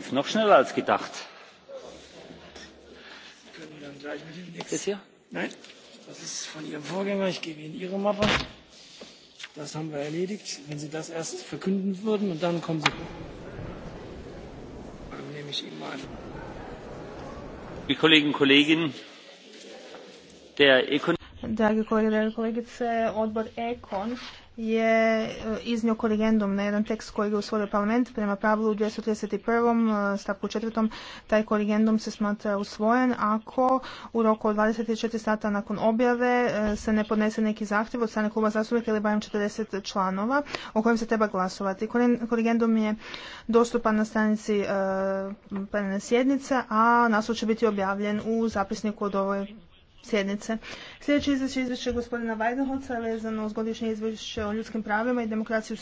ist noch schneller als gedacht. Sie können dann gleich mit dem nächsten. Ist hier? Nein, das ist von Ihrem Vorgänger. Ich gebe Ihnen Ihre Mappe. Das haben wir erledigt. Wenn Sie das erst verkünden würden und dann kommen Sie. Dann nehme ich Ihnen mal an. Liebe Kolleginnen und Kollegen, der Econ Dragi kolege i kolegice, odbor EKON je e, iznio korigendum na jedan tekst koji je usvojio parlament prema pravilu 231. E, stavku 4. Taj korigendum se smatra usvojen ako u roku od 24 sata nakon objave e, se ne podnese neki zahtjev od strane kluba zastupnika ili barem 40 članova o kojem se treba glasovati. Korigendum je dostupan na stranici plenarne sjednice, a naslov će biti objavljen u zapisniku od ove sjednice. Sljedeće izvješće je izvješće gospodina Weidenholca vezano uz godišnje izvješće o ljudskim pravima i demokraciji